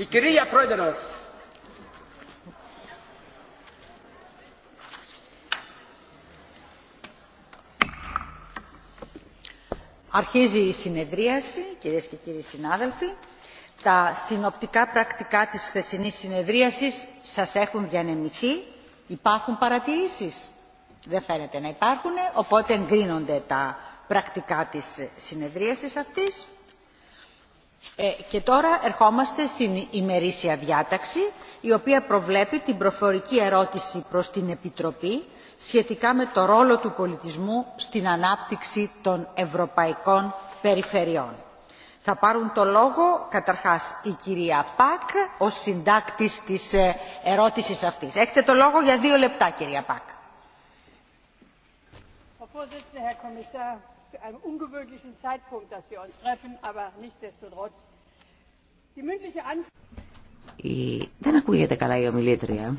Η κυρία Πρόεδρος. Αρχίζει η συνεδρίαση, κυρίες και κύριοι συνάδελφοι. Τα συνοπτικά πρακτικά της χθεσινής συνεδρίασης σας έχουν διανεμηθεί. Υπάρχουν παρατηρήσεις. Δεν φαίνεται να υπάρχουν, οπότε εγκρίνονται τα πρακτικά της συνεδρίασης αυτής. Ε, και τώρα ερχόμαστε στην ημερήσια διάταξη η οποία προβλέπει την προφορική ερώτηση προς την Επιτροπή σχετικά με το ρόλο του πολιτισμού στην ανάπτυξη των ευρωπαϊκών περιφερειών. Θα πάρουν το λόγο καταρχάς η κυρία Πακ, ως συντάκτης της ε, ερώτησης αυτής. Έχετε το λόγο για δύο λεπτά κυρία Πακ zu einem ungewöhnlichen Zeitpunkt, dass wir uns treffen, aber nichtsdestotrotz. Die mündliche Antwort. Δεν ακούγεται καλά η ομιλήτρια.